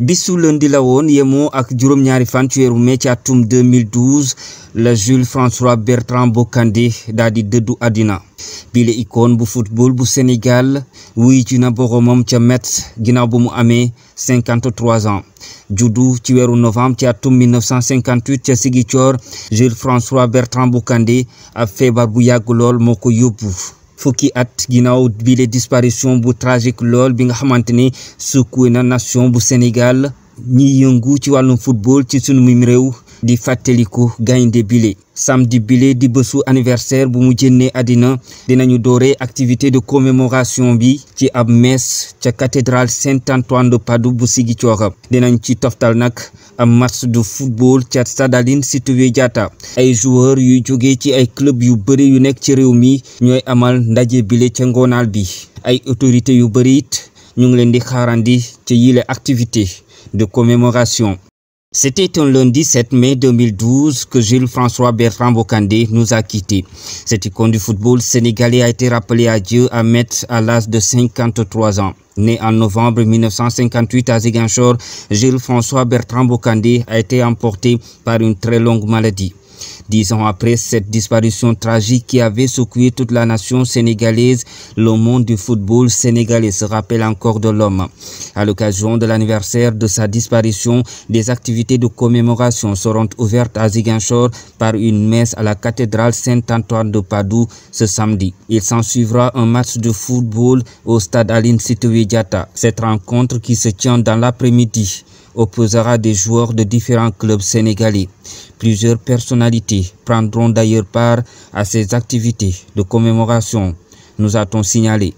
bisu lundi la woon yemoo ak juróom-ñaari fan ci weeru mai ci atum 2012 la Jules François Bertrand Bocandé daal di dëddu àddina bile icône bu football bu Sénégal wuy ci na boromam ca Metz ginnaaw bu mu amee 53 ans juddu ci weeru novembre ci atum 1958 ca Ziguinchor Jules François Bertrand Bocandé ab feebar bu yàgg lool moo ko yóbbu fukki at ginnaaw bi le disparition bu tragique lool bi nga xamante ne secoué na nation bu Sénégal ñiy yëngu ci wàllum football ci sunu réew di fateliku gaynde bilé samedi bilé di bésu anniversaire bu mu jënnee adina dinañu doré activité de commémoration bi ci ab messe ci cathédrale Saint Antoine de Padoue bu Ziguinchor dinañ ci toftal nak am match de football ci Stade situé Sitoé ay joueurs yu joggé ci ay club yu bëri yu nekk ci réew mi amal ndaje bilé ci ngoonaal bi ay autorité yu bëri it ñu ngi leen di xaarandi ci activité de commémoration c'était un lundi 7 mai 2012 que Gilles François Bertrand Bocandé nous a quittés. Cette icône du football sénégalais a été rappelé à Dieu à Metz à l'âge de 53 ans. Né en novembre 1958 à Ziganchor, Gilles François Bertrand Bocandé a été emporté par une très longue maladie. Dix ans après cette disparition tragique qui avait secoué toute la nation sénégalaise, le monde du football sénégalais se rappelle encore de l'homme. À l'occasion de l'anniversaire de sa disparition, des activités de commémoration seront ouvertes à Ziguinchor par une messe à la cathédrale Saint-Antoine de Padoue ce samedi. Il s'en suivra un match de football au stade Aline Cette rencontre qui se tient dans l'après-midi opposera des joueurs de différents clubs sénégalais. Plusieurs personnalités prendront d'ailleurs part à ces activités de commémoration, nous a-t-on signalé.